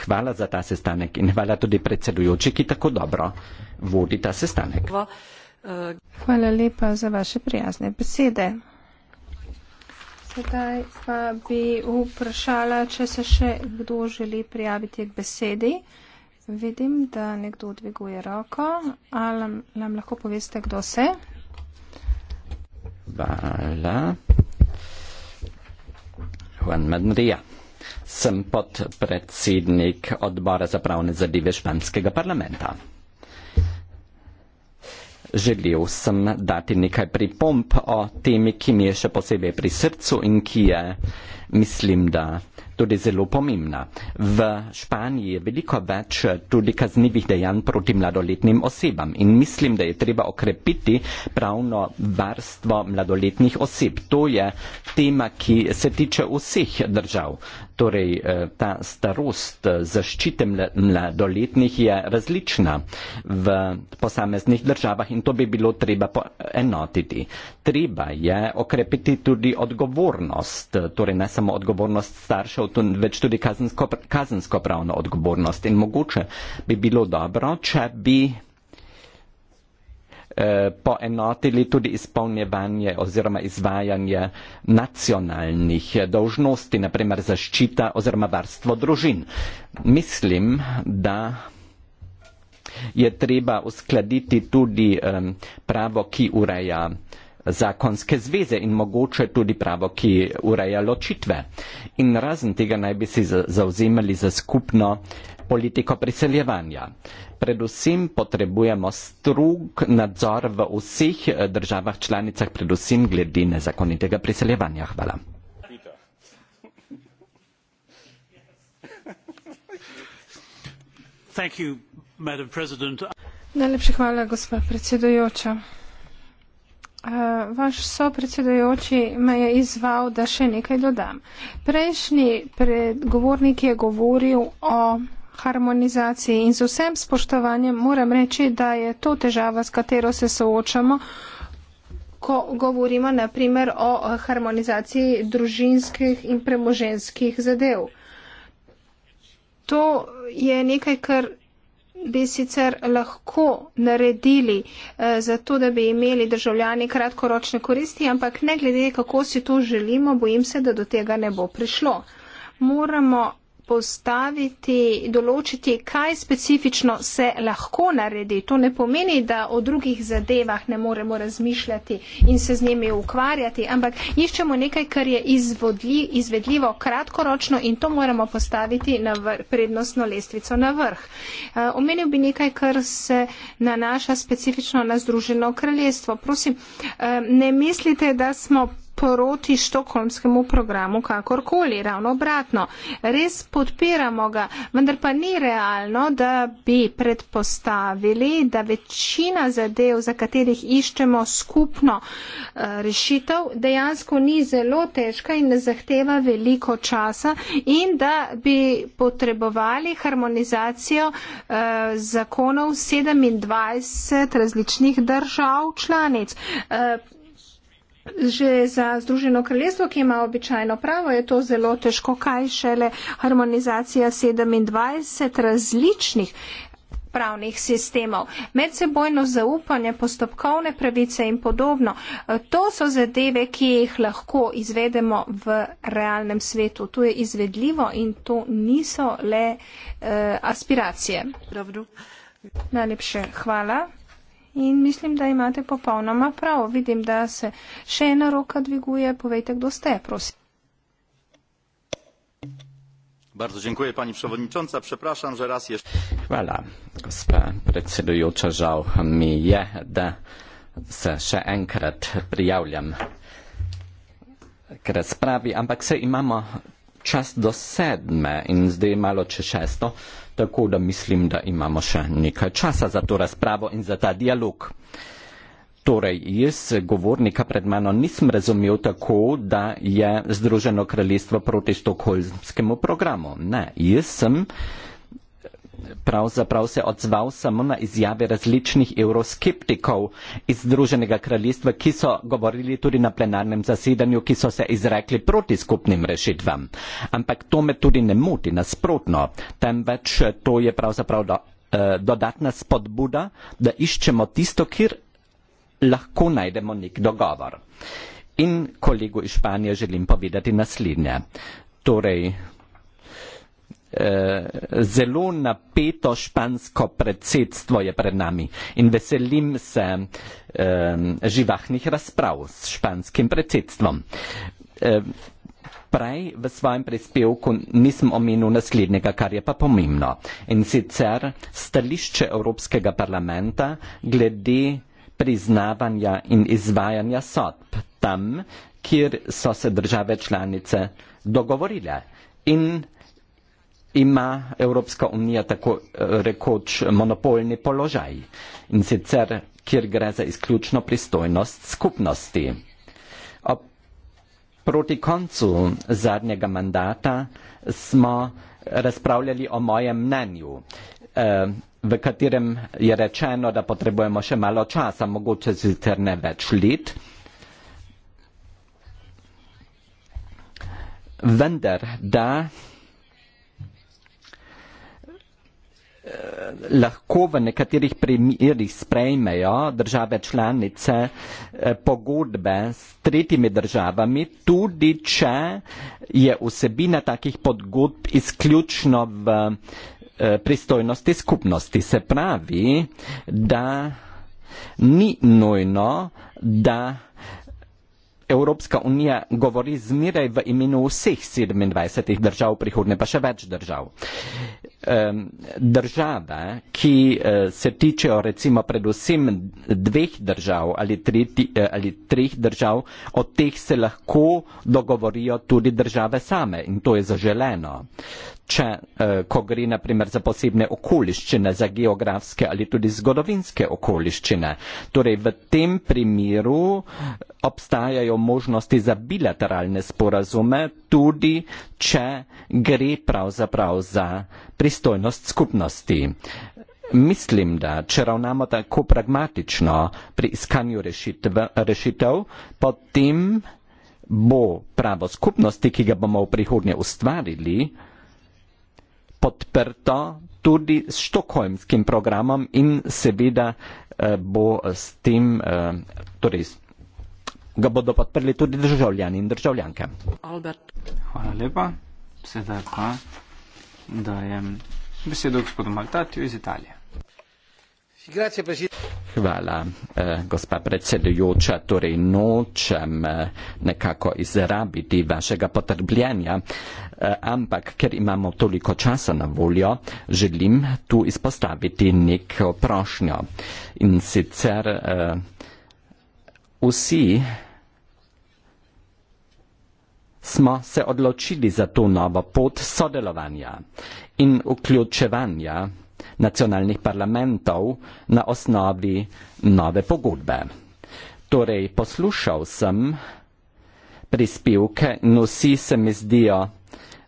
Hvala za ta sestanek in hvala tudi predsedujoči, ki tako dobro vodi ta sestanek. Eh, hvala lepa za vaše prijazne besede. Sedaj pa bi vprašala, če se še kdo želi prijaviti k besedi. Vidim, da nekdo dviguje roko. Ali nam lahko poveste, kdo se? Hvala. Juan Madrija sem podpredsednik odbora za pravne zadeve Španskega parlamenta. Želel sem dati nekaj pripomp o temi, ki mi je še posebej pri srcu in ki je, mislim, da tudi zelo pomembna. V Španiji je veliko več eh, tudi kaznivih dejanj proti mladoletnim osebam in mislim, da je treba okrepiti pravno varstvo mladoletnih oseb. To je tema, ki se tiče vseh držav. Torej, eh, ta starost eh, zaščite mladoletnih je različna v posameznih državah in to bi bilo treba enotiti. Treba je okrepiti tudi odgovornost, torej ne samo odgovornost staršev, to več tudi kazensko, kazensko pravno odgovornost. In mogoče bi bilo dobro, če bi eh, poenotili tudi izpolnjevanje oziroma izvajanje nacionalnih dolžnosti, naprimer zaščita oziroma varstvo družin. Mislim, da je treba uskladiti tudi eh, pravo, ki ureja zakonske zveze in mogoče tudi pravo, ki ureja ločitve. In razen tega naj bi si zauzemali za skupno politiko priseljevanja. Predvsem potrebujemo strug nadzor v vseh eh, državah članicah, predvsem glede nezakonitega priseljevanja. Hvala. Najlepša hvala, gospod predsedujoča. Uh, vaš sopredsedujoči me je izval, da še nekaj dodam. Prejšnji predgovornik je govoril o harmonizaciji in z vsem spoštovanjem moram reči, da je to težava, s katero se soočamo, ko govorimo naprimer o harmonizaciji družinskih in premoženskih zadev. To je nekaj, kar bi sicer lahko naredili eh, za to, da bi imeli državljani kratkoročne koristi, ampak ne glede, kako si to želimo, bojim se, da do tega ne bo prišlo. Moramo postaviti, določiti, kaj specifično se lahko naredi. To ne pomeni, da o drugih zadevah ne moremo razmišljati in se z njimi ukvarjati, ampak iščemo nekaj, kar je izvodli, izvedljivo kratkoročno in to moramo postaviti na vr, prednostno lestvico na vrh. E, omenil bi nekaj, kar se nanaša specifično na Združeno kraljestvo. Prosim, e, ne mislite, da smo proti štokholmskemu programu kakorkoli, ravno obratno. Res podpiramo ga, vendar pa ni realno, da bi predpostavili, da večina zadev, za katerih iščemo skupno eh, rešitev, dejansko ni zelo težka in ne zahteva veliko časa in da bi potrebovali harmonizacijo eh, zakonov 27 različnih držav članic. Eh, Že za Združeno kraljestvo, ki ima običajno pravo, je to zelo težko, kaj šele harmonizacija 27 različnih pravnih sistemov, medsebojno zaupanje, postopkovne pravice in podobno. To so zadeve, ki jih lahko izvedemo v realnem svetu. To je izvedljivo in to niso le eh, aspiracije. Dobro. Najlepše hvala in mislim, da imate popolnoma prav. Vidim, da se še ena roka dviguje. Povejte, kdo ste, prosim. Bardzo dziękuję pani przewodnicząca. Przepraszam, że raz jeszcze. Hvala, gospa predsedujoča, žal mi je, da se še enkrat prijavljam k razpravi, ampak se imamo čas do sedme in zdaj malo če šesto, tako da mislim, da imamo še nekaj časa za to razpravo in za ta dialog. Torej, jaz govornika pred mano nisem razumel tako, da je Združeno kraljestvo proti stokholmskemu programu. Ne, jaz sem uh, pravzaprav se odzval samo na izjave različnih euroskeptikov iz Združenega kraljestva, ki so govorili tudi na plenarnem zasedanju, ki so se izrekli proti skupnim rešitvam. Ampak to me tudi ne moti nasprotno, temveč to je pravzaprav do, eh, dodatna spodbuda, da iščemo tisto, kjer lahko najdemo nek dogovor. In kolegu iz Španije želim povedati naslednje. Torej, Eh, zelo napeto špansko predsedstvo je pred nami in veselim se eh, živahnih razprav s španskim predsedstvom. Eh, prej v svojem prispevku nisem omenil naslednjega, kar je pa pomembno in sicer stališče Evropskega parlamenta glede priznavanja in izvajanja sodb tam, kjer so se države članice dogovorile in ima Evropska unija tako eh, rekoč monopolni položaj in sicer, kjer gre za izključno pristojnost skupnosti. Ob proti koncu zadnjega mandata smo razpravljali o mojem mnenju, eh, v katerem je rečeno, da potrebujemo še malo časa, mogoče sicer ne več let. Vendar, da lahko v nekaterih primerjih sprejmejo države članice eh, pogodbe s tretjimi državami, tudi če je vsebina takih podgodb izključno v eh, pristojnosti skupnosti. Se pravi, da ni nujno, da Evropska unija govori zmeraj v imenu vseh 27 držav, prihodne pa še več držav države, ki eh, se tičejo recimo predvsem dveh držav ali, tri, eh, ali treh držav, od teh se lahko dogovorijo tudi države same in to je zaželeno. Če, eh, ko gre naprimer za posebne okoliščine, za geografske ali tudi zgodovinske okoliščine. Torej v tem primeru obstajajo možnosti za bilateralne sporazume, tudi če gre pravzaprav za pristopnost pristojnost skupnosti. Mislim, da če ravnamo tako pragmatično pri iskanju rešitev, rešitev potem bo pravo skupnosti, ki ga bomo v prihodnje ustvarili, podprto tudi s štokholmskim programom in seveda eh, bo s tem, eh, torej ga bodo podprli tudi državljani in državljanke. Albert. Hvala lepa. Sedaj pa dajem besedo gospodu Maltatiju iz Italije. Hvala, eh, gospa predsedujoča. Torej nočem eh, nekako izrabiti vašega potrpljenja, eh, ampak ker imamo toliko časa na voljo, želim tu izpostaviti neko prošnjo. In sicer eh, vsi smo se odločili za to novo pot sodelovanja in vključevanja nacionalnih parlamentov na osnovi nove pogodbe. Torej, poslušal sem prispevke in no, vsi se mi zdijo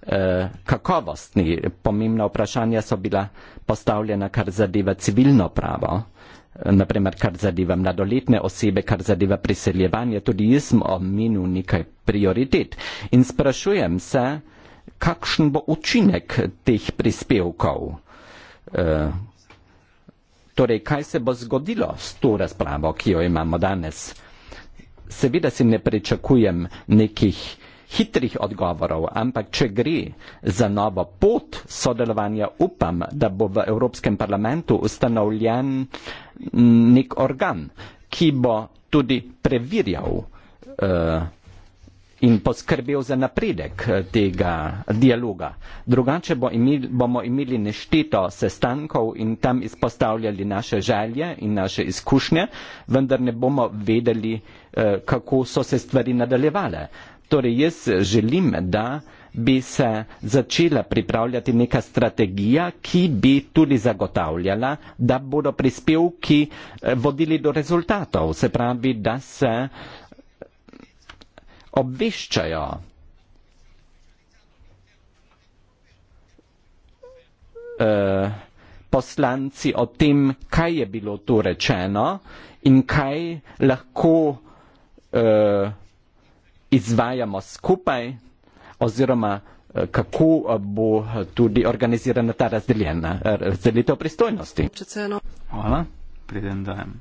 eh, kakovostni. Pomembna vprašanja so bila postavljena, kar zadeva civilno pravo naprimer, kar zadeva mladoletne osebe, kar zadeva priseljevanje, tudi jaz sem omenil nekaj prioritet. In sprašujem se, kakšen bo učinek teh prispevkov? E, torej, kaj se bo zgodilo s to razpravo, ki jo imamo danes? Seveda si ne pričakujem nekih hitrih odgovorov, ampak če gre za novo pot sodelovanja, upam, da bo v Evropskem parlamentu ustanovljen nek organ, ki bo tudi preverjal uh, in poskrbel za napredek eh, tega dialoga. Drugače bo imeli, bomo imeli nešteto sestankov in tam izpostavljali naše želje in naše izkušnje, vendar ne bomo vedeli, eh, kako so se stvari nadaljevale. Torej, jaz želim, da bi se začela pripravljati neka strategija, ki bi tudi zagotavljala, da bodo prispevki eh, vodili do rezultatov, se pravi, da se eh, obveščajo. Uh, poslanci o tem, kaj je bilo tu rečeno in kaj lahko uh, izvajamo skupaj, oziroma eh, kako eh, bo eh, tudi organizirana ta razdeljena razdelitev pristojnosti. Hvala, preden dajem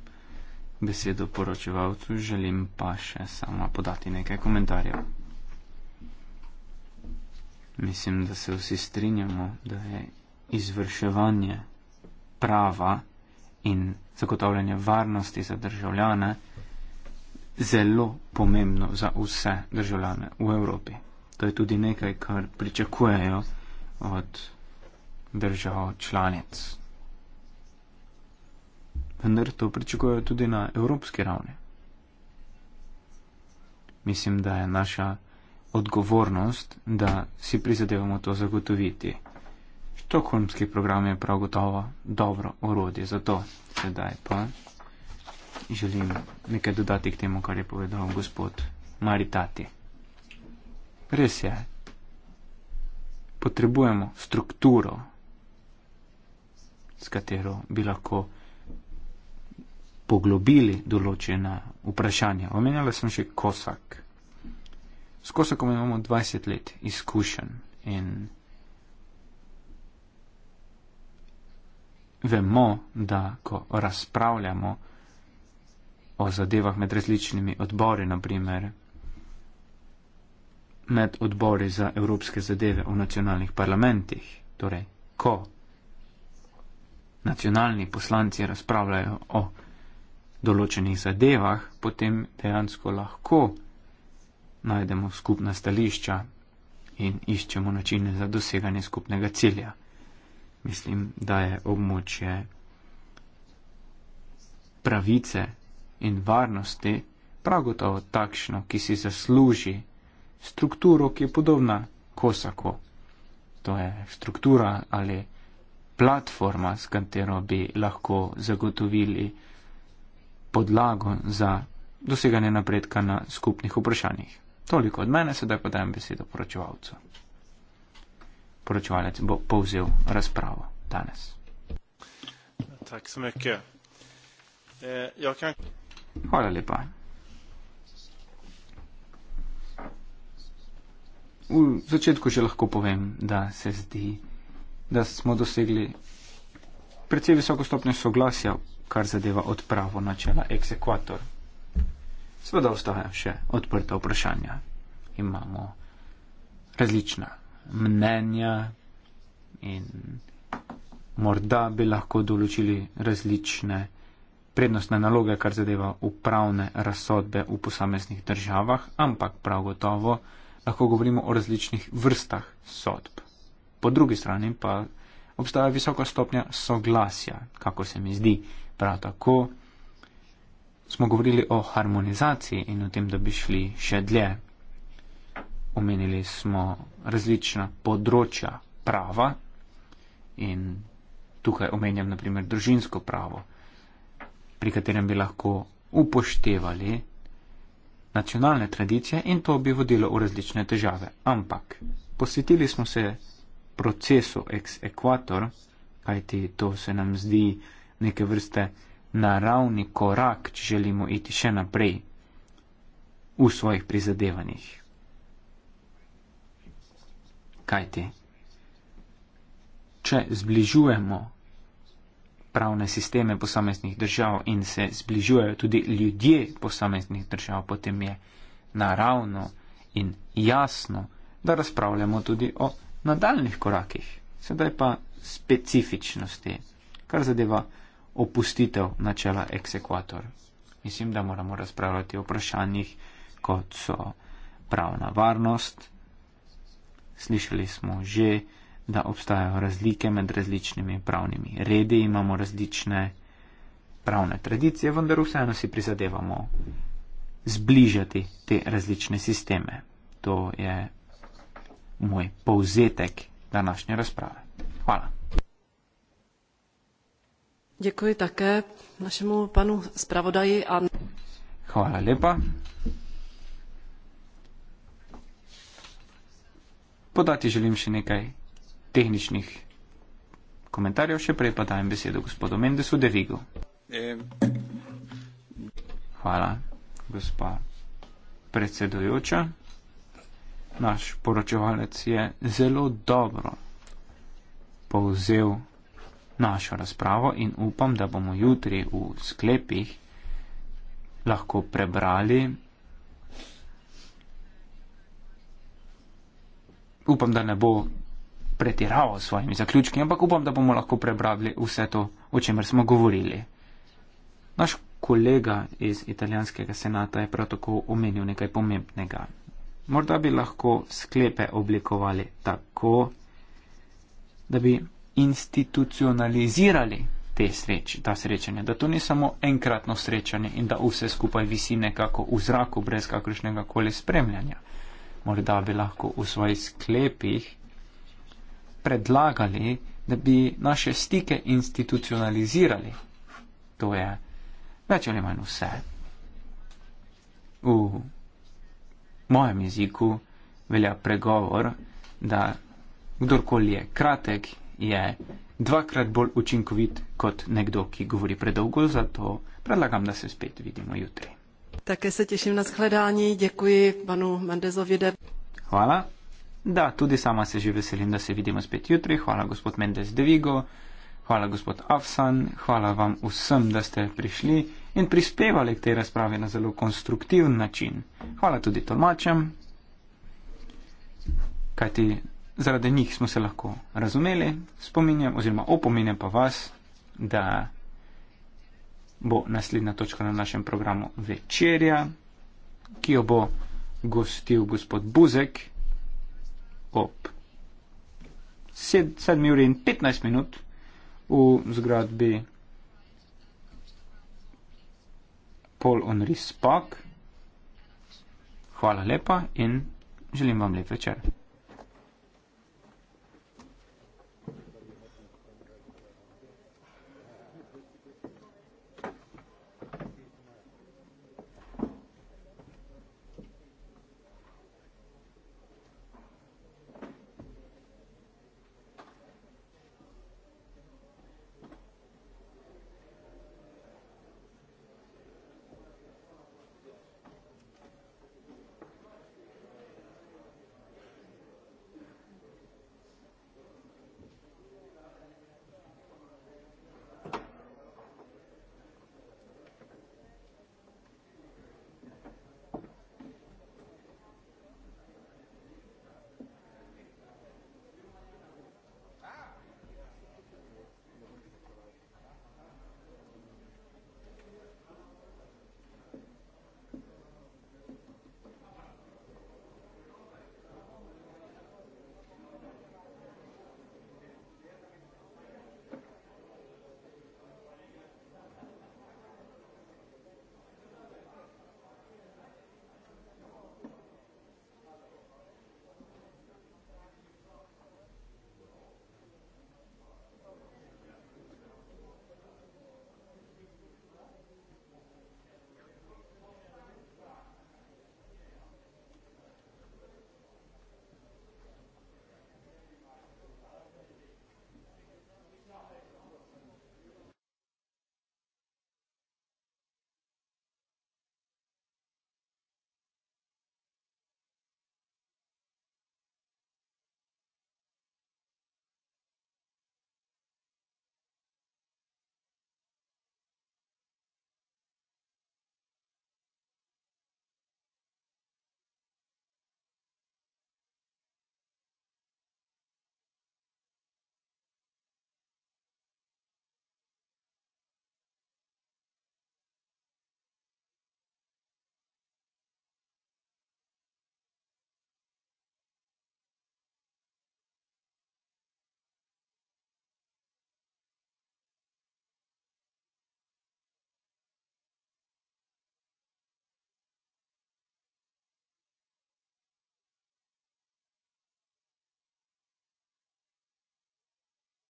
besedo poročevalcu, želim pa še samo podati nekaj komentarjev. Mislim, da se vsi strinjamo, da je izvrševanje prava in zagotavljanje varnosti za državljane zelo pomembno za vse državljane v Evropi. To je tudi nekaj, kar pričakujejo od držav članic. Vendar to pričakujejo tudi na evropski ravni. Mislim, da je naša odgovornost, da si prizadevamo to zagotoviti. Štokholmski program je prav gotovo dobro orodje za to. Sedaj pa želim nekaj dodati k temu, kar je povedal gospod Maritati. Res je, potrebujemo strukturo, s katero bi lahko poglobili določena vprašanja. Omenjala sem še kosak. S kosakom imamo 20 let izkušenj in vemo, da ko razpravljamo, o zadevah med različnimi odbori, naprimer med odbori za evropske zadeve v nacionalnih parlamentih, torej ko nacionalni poslanci razpravljajo o določenih zadevah, potem dejansko lahko najdemo skupna stališča in iščemo načine za doseganje skupnega cilja. Mislim, da je območje pravice in varnosti, prav gotovo takšno, ki si zasluži strukturo, ki je podobna kosako. To je struktura ali platforma, s katero bi lahko zagotovili podlago za doseganje napredka na skupnih vprašanjih. Toliko od mene, sedaj pa dajem besedo poročevalcu. Poročevalec bo povzel razpravo danes. Tak, Hvala lepa. V začetku že lahko povem, da se zdi, da smo dosegli precej visoko stopnjo soglasja, kar zadeva odpravo načela eksekvator. Sveda ostaja še odprta vprašanja. Imamo različna mnenja in morda bi lahko določili različne prednostne naloge, kar zadeva upravne razsodbe v posameznih državah, ampak prav gotovo lahko govorimo o različnih vrstah sodb. Po drugi strani pa obstaja visoka stopnja soglasja, kako se mi zdi. Prav tako smo govorili o harmonizaciji in o tem, da bi šli še dlje. Omenili smo različna področja prava in tukaj omenjam naprimer družinsko pravo pri katerem bi lahko upoštevali nacionalne tradicije in to bi vodilo v različne težave. Ampak posvetili smo se procesu ex equator, kajti to se nam zdi neke vrste naravni korak, če želimo iti še naprej v svojih prizadevanjih. Kajti, če zbližujemo pravne sisteme posameznih držav in se zbližujejo tudi ljudje posameznih držav, potem je naravno in jasno, da razpravljamo tudi o nadaljnih korakih. Sedaj pa specifičnosti, kar zadeva opustitev načela eksekvator. Mislim, da moramo razpravljati o vprašanjih, kot so pravna varnost. Slišali smo že, da da obstajajo razlike med različnimi pravnimi redi, imamo različne pravne tradicije, vendar vseeno si prizadevamo zbližati te različne sisteme. To je moj povzetek današnje razprave. Hvala. Děkuji také našemu panu zpravodaji a. Hvala lepa. Podati želim še nekaj tehničnih komentarjev, še prej pa dajem besedo gospodu Mendesu de Vigo. Hvala, gospa predsedujoča. Naš poročevalec je zelo dobro povzel našo razpravo in upam, da bomo jutri v sklepih lahko prebrali. Upam, da ne bo pretiraval s svojimi zaključki, ampak upam, da bomo lahko prebrali vse to, o čemer smo govorili. Naš kolega iz italijanskega senata je prav tako omenil nekaj pomembnega. Morda bi lahko sklepe oblikovali tako, da bi institucionalizirali te sreč, ta srečanja, da to ni samo enkratno srečanje in da vse skupaj visi nekako v zraku brez kakršnega koli spremljanja. Morda bi lahko v svojih sklepih predlagali, da bi naše stike institucionalizirali. To je več ali manj vse. V mojem jeziku velja pregovor, da kdorkoli je kratek, je dvakrat bolj učinkovit kot nekdo, ki govori predolgo, zato predlagam, da se spet vidimo jutri. Také se těším na shledání, děkuji panu Mendezovi. Hvala. Da, tudi sama se že veselim, da se vidimo spet jutri. Hvala gospod Mendes Devigo, hvala gospod Afsan, hvala vam vsem, da ste prišli in prispevali k tej razpravi na zelo konstruktiven način. Hvala tudi tolmačem, kajti zaradi njih smo se lahko razumeli. Spominjam oziroma opominjam pa vas, da bo naslednja točka na našem programu večerja, ki jo bo gostil gospod Buzek ob 7 uri in 15 minut v zgradbi Paul Henri Spock. Hvala lepa in želim vam lep večer.